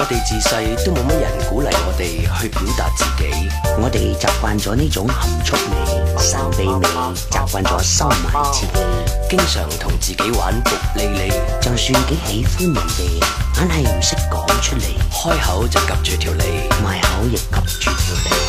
我哋自細都冇乜人鼓勵我哋去表達自己，我哋習慣咗呢種含蓄美、神秘美，習慣咗收埋自己，經常同自己玩薄利利。就算幾喜歡人哋，硬係唔識講出嚟，開口就夾住條脷，埋口亦夾住條脷。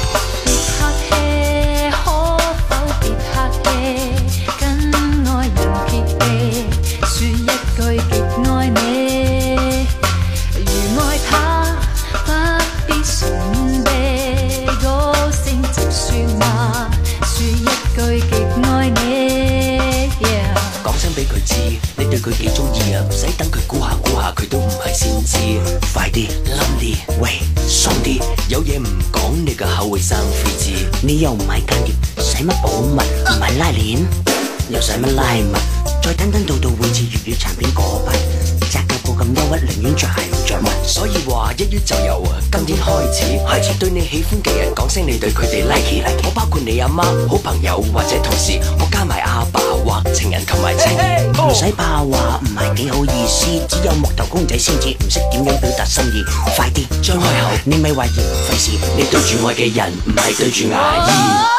個口會生痱滋，你又唔係間諜，使乜保密？唔係拉鏈，又使乜拉密？再等等到會月月到會似粵語殘片嗰筆，紮腳布咁憂鬱，寧願着鞋唔着襪。所以話一於就由，今天開始開始對你喜歡嘅人講聲的你對佢哋 like 嚟、like，like、我包括你阿媽、好朋友或者同事，我加埋阿爸，爸。情人購埋情人，唔使怕話唔係幾好意思，只有木頭公仔先至，唔識點樣表達心意。快啲張開口後，你咪懷疑？費事你對住我嘅人，唔係對住牙醫。啊